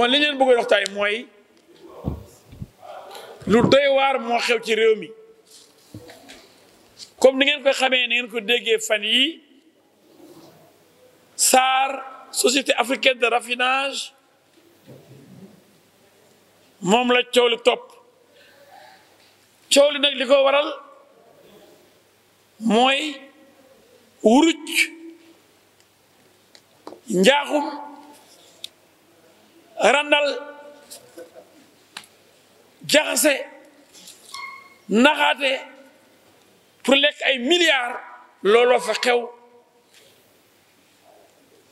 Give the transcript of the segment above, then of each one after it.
bon li leen bëgg a dox mooy lu doy waar moo xew ci réew mi comme ni ngeen koy xamee ni ngeen ko déggee fan yi SAR société africaine de raffinage moom la coow li topp coow li nag li ko waral mooy wuruj njaaxum randal jaxase naxaate pour lekk ay milliards looloo fa xew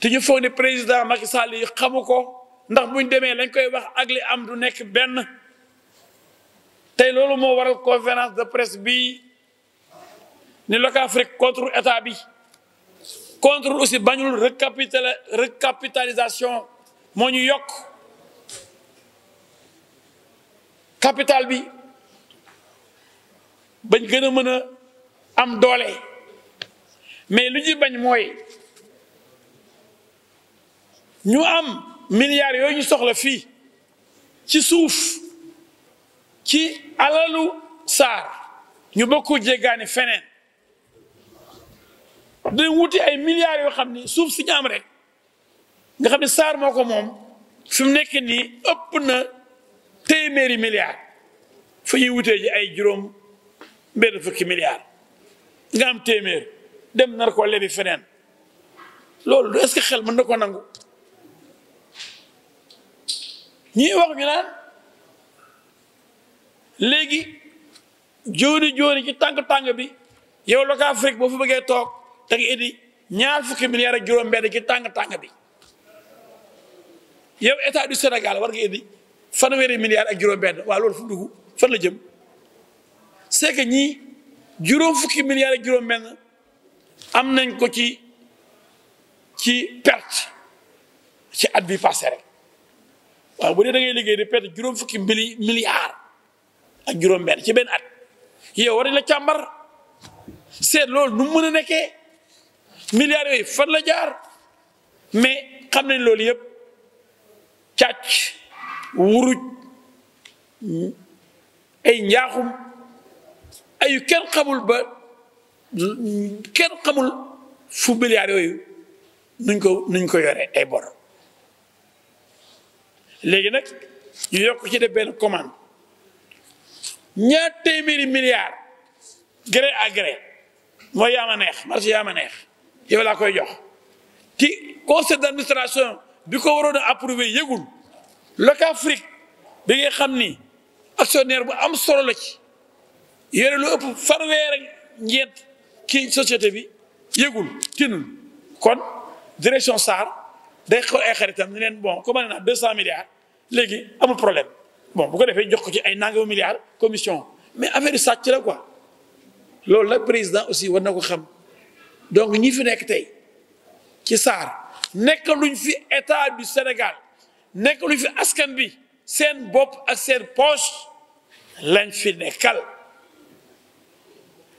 te ñu foog ne président Macky Sall xamu ko ndax buñ demee lañ koy wax ak am du nekk benn tey loolu moo waral conférence de presse bi ni Locafrique contre état bi contre aussi bañul recapitalisation moo ñu yokk capital bi bañ gën a mën a am doole mais lu ñuy bañ mooy ñu am milliards yooyu ñu soxla fii ci suuf ci alalu saar ñu bokk jéggaani feneen dañ wuti ay milliards yoo xam ni suuf si ñu am rek nga xam ne saar moo ko moom fi mu nekk nii ëpp na téeméeri milliards fu ñuy wutee ji ay juróom benn fukki milliards nga téeméer dem nar ko lebi feneen loolu est que xel mën na ko nangu ñi wax ñu naan léegi jooni jooni ci tàng-tàng bi yow Locafrique boo fa bëggee toog te nga indi ñaar fukki milliards ak juróom benn ci tàng-tàng bi yow état du Sénégal war nga indi fanweeri milliards ak juróom-benn waaw loolu fu fan la jëm c'est ñii juróom fukki milliards ak juróom-benn am nañ ko ci ci perte ci at bi passé rek waaw bu dee da liggéey di perte juróom fukki mili milliards ak juróom-benn ci benn at yow war nañ la càmbar seet loolu nu mu mën a nekkee milliards yooyu fan la jaar mais xam nañ loolu yëpp càcc. wuruj ay njaaxum ay yu kenn xamul ba kenn xamul fu milliards yooyu nuñ ko nuñ ko yore ay bor léegi nag ñu yokk ci def benn commande ñaar téeméeri milliards gré agré gré mooy yaa neex marché yaa ma neex yow laa koy jox ci conseil d'administration bi ko waroon a approuvé yëgul Locafrique bi nga xam ni actionnaire bu am solo la ci yore lu ëpp fanweer ak ñeent ci société bi yëgul tinul kon direction SAR day xool ay xaritam ne neen bon commandé naa deux cent milliards léegi amul problème bon bu ko defee jox ko ci ay nangamu milliards commission mais affaire yi sàcc la quoi loolu nag président aussi war na ko xam donc ñi fi nekk tey ci SAR nekk luñ fi état du Sénégal nekk lu fi askan bi seen bopp ak seen poche lañ fi nekkal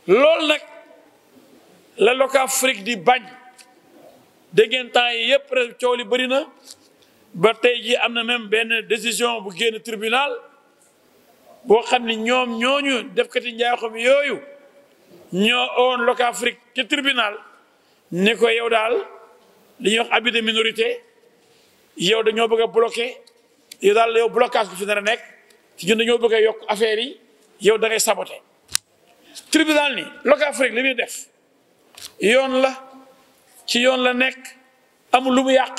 lool nag la Locafrique di bañ dégg ngeen temps yi yëpp coow li bëri na ba tey jii am na même benn décision bu génn tribunal boo xam ni ñoom ñooñu defkati njaaxum yooyu ñoo oon Locafrique ci tribunal ni ko yow daal li ñuy wax abus de minorité yow dañoo bëgg a bloqué yow daal yow blocage bi fi nar a nekk ci ñun dañoo bëgg yokk affaire yi yow da ngay saboté tribunal ni Locafrique li muy def yoon la ci yoon la nekk amul lu mu yàq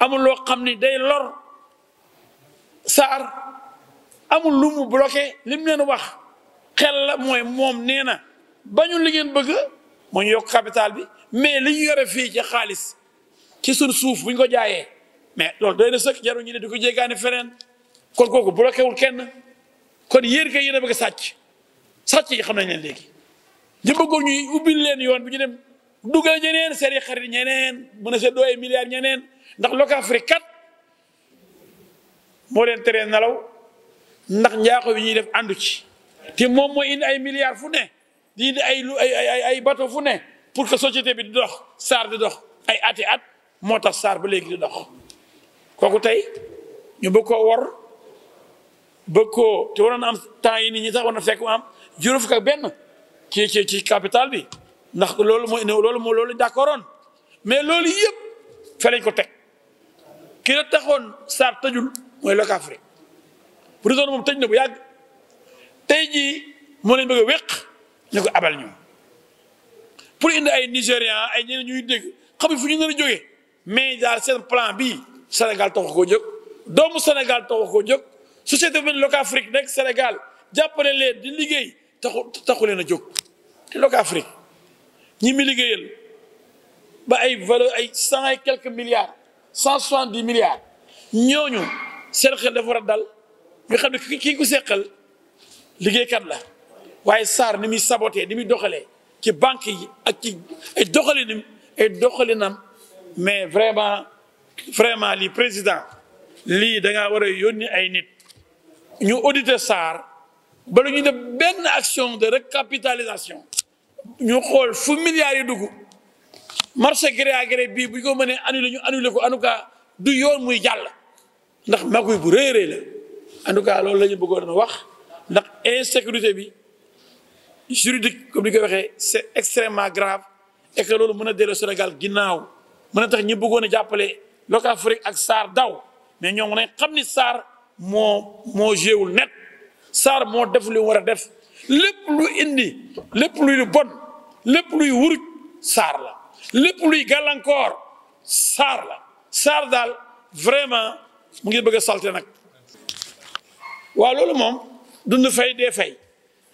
amul loo xam ni day lor saar amul lu mu bloqué li mu leen wax xel la mooy moom nee bañu li ngeen bëgg moo yokk capital bi mais li ñu yore fii ci xaalis ci sunu suuf bu ñu ko jaayee mais loolu doy na sëkk jaru di ko jéggaane feneen kon kooku bu bloqué wul kenn kon yéen kay yéen a bëgg sàcc sàcc yi xam nañ leen léegi ñu bëggoon ñuy ubbil leen yoon bu ñu dem dugal ñeneen seen i xarit ñeneen mën a seddoo ay milliards ñeneen ndax Locafrique kat moo leen teree nelaw ndax njaaxo yi ñuy def àndu ci te moom mooy indi ay milliards fu ne di indi ay lu ay ay ay fu ne pour que société bi di dox saar di dox ay ati at moo tax saar ba léegi di dox. kooku tey ñu bëgg ko wor bëgg koo te waroon am temps yi nit ñi sax war na fekk mu am juróom fukk ak benn ci ci ci capital bi ndax loolu mooy loolu moo loolu d'accord woon mais loolu yëpp fa lañ ko teg ki la taxoon Sarr tëjul mooy Locafrique prison moom tëj na bu yàgg tey jii moo leen bëgg a ñu ko abal ñu pour indi ay Nigérian ay ñeneen ñuy dégg xam fu ñu nar a jógee mais daal seen plan bii Sénégal taxu ko jóg doomu Sénégal taxu koo jóg société bu Locafrique nekk Sénégal jàppale leen di liggéey taxu taxu leen a jóg te Locafrique ñi mi liggéeyal ba ay valeur ay cent et quelques milliards cent soixante dix milliards ñooñu seen xel a dal ñu xam ne kii ku seqal liggéeykat la waaye Sarr ni muy sabotee ni muy doxalee ci banque yi ak ci ay doxalinam ay doxalinam mais vraiment vraiment lii président lii da ngaa war a ni ay nit ñu auditer SAR bala lu ñu def benn action de recapitalisation ñu xool fu milliards yi dugg marché gré à gré bii bu ñu ko mënee annulé ñu annulé ko en tout cas du yoon muy jàll ndax maguy bu rëy rëy la en tout cas loolu la ñu bëggoon wax ndax insécurité bi juridique comme ni ko waxee c'est extrêmement grave et loolu mën a delloo Sénégal ginnaaw mën a tax ñi buggoon a jàppale. Locafrique ak SAR daw mais ñoom nañ xam ni saar moo moo géewul net SAR moo def li war a def lépp lu indi lépp luy bon lépp luy wuruj SAR la lépp luy gàllankoor SAR la SAR daal vraiment mu ngi bëgg a salte nag waaw loolu moom dund fay dee fay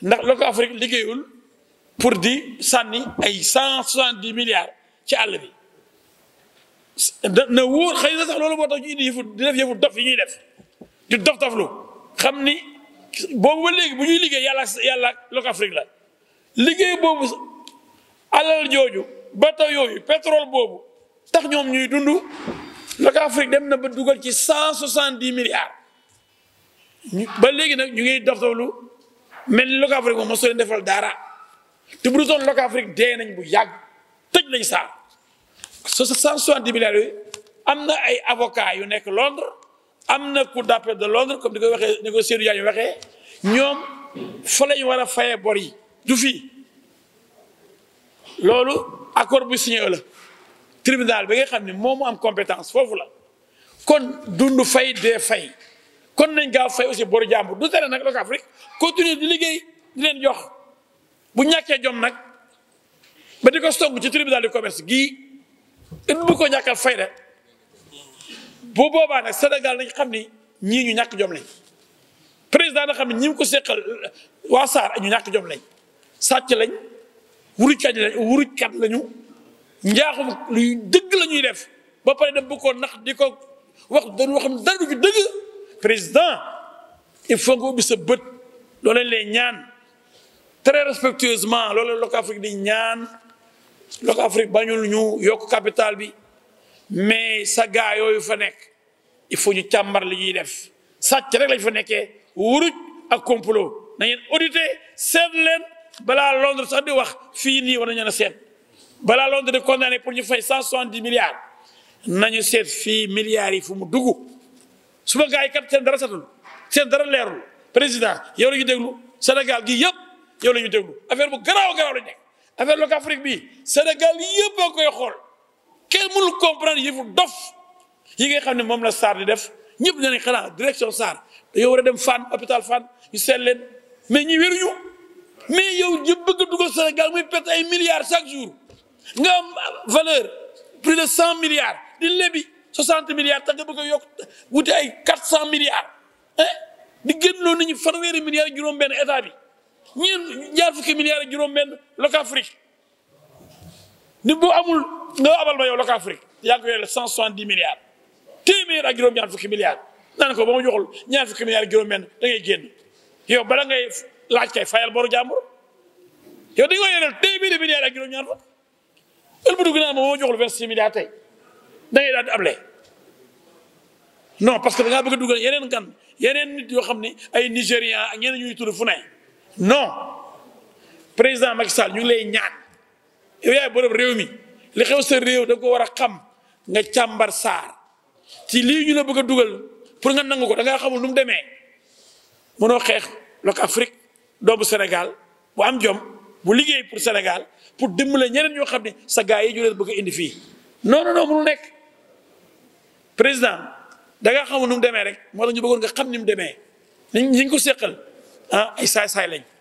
ndax Locafrique liggéeyul pour di sànni ay cent soixante-dix milliards ci àll bi na woor xëy na sax loolu moo tax ñu indi yëfu di def yëfu dof yi ñuy def di dof xam ni boobu ba léegi bu ñuy liggéey yàlla yàlla lok Afrique la liggéey boobu alal jooju bateau yooyu pétrole boobu tax ñoom ñuy dund lok Afrique dem na ba dugal ci cent soixante dix milliards ba léegi nag ñu ngi dof doflu mel ni lok Afrique moom mosoo leen defal dara te bu du toon lok Afrique dee nañ bu yàgg tëj nañ saa cent soixante-dix milliards yooyu am na ay avocats yu nekk Londres am na cour d'appel de Londres comme di ko waxee ni ko Seydou Diagne waxee ñoom fa la ñu war a fayee bor yi du fii loolu accord bu signé la tribunal bi ngay xam ne moom mu am compétence foofu la kon dund fay dee fay kon nañ gaa fay aussi boru jàmbur du tere nag Locafrique continuer di liggéey di leen jox bu ñàkkee jom nag ba di ko song ci tribunal du commerce gii it bu ko ñàkkal fayda bu boobaa nag Sénégal nañ xam ni ñii ñu ñàkk jom lañ président na xam ne ñi ngi ko seqal waa Sarr ñu ñàkk jom lañ sàcc lañ wurujkat lañ wurujkat lañu njaaxum luy dëgg lañuy def ba pare dem bu ko nax di ko wax dañu wax dara du ci dëgg président il faut nga ubbi sa bët looleen lay ñaan très respectueusement loolu la Afrique di ñaan look Afrique bañul ñu yokk capital bi mais sa gaa yooyu fa nekk il faut ñu càmbar li ñuy def sàcc rek lañ fa nekkee wuruj ak complot na ngeen audité seet leen balaa Londres sax di wax fii nii war ñeen a seet balaa Londres di condamné pour ñu fay cent soixante-dix milliards nañu seet fii milliards yi fu mu dugg suma gaa yi kat seen dara setul seen dara leerul président yow la ñu déglu Sénégal gi yëpp yow la ñu déglu affaire bu garaaw garaaw lañ nekk affaire Locafrique Afrique bi Sénégal yëpp a koy xool kenn mënu comprendre yëfu dof yi nga xam ne moom la Sarr di def ñëpp dinañ xanaa direction Sarr yow war a dem Fann hôpital Fann ñu seet leen mais ñi wéruñu mais yow ñu bëgg a dugal Sénégal muy perte ay milliards chaque jour nga am valeur plus de cent milliards di lebi soixante milliards tax nga bëgg a yokk wuti ay quatre cent milliards eh di génn loolu nit ñi fanweeri milliards juróom-benn état bi. ñun ñaar fukki milliards ak juróom-benn ni bu amul nga abal ma yow Locafrique yaa ngi ko yoreel cent soixante dix milliards téeméer ak juróom-ñaar fukki milliards ko ba ma joxul ñaar fukki milliards yow bala laaj kay fayal boru jàmbur yow di nga yoreel téeméeri milliards ak juróom-ñaar fa ël bu dugg naa ma ba ma joxul vingt six milliards tey da ngay able non parce que da ngaa bëgg a yeneen gan yeneen nit yoo xam ne ay Nigérian ak ñeneen ñuy tudd fu non président Macky Sall ñu lay ñaan yow yaay réew mi li xew sa réew da nga ko war a xam nga càmbar saar ci lii ñu la bëgg a dugal pour nga nangu ko da ngaa xamul nu mu demee mënoo xeex lok Afrique doomu Sénégal bu am jom bu liggéey pour Sénégal pour dimbale ñeneen ñoo xam ne sa gaa yi ñu leen indi fii non non non mënul nekk président da ngaa xamul nu mu demee rek moo tax ñu bëggoon nga xam ni mu demee ni ñu ko seqal. ah saa saay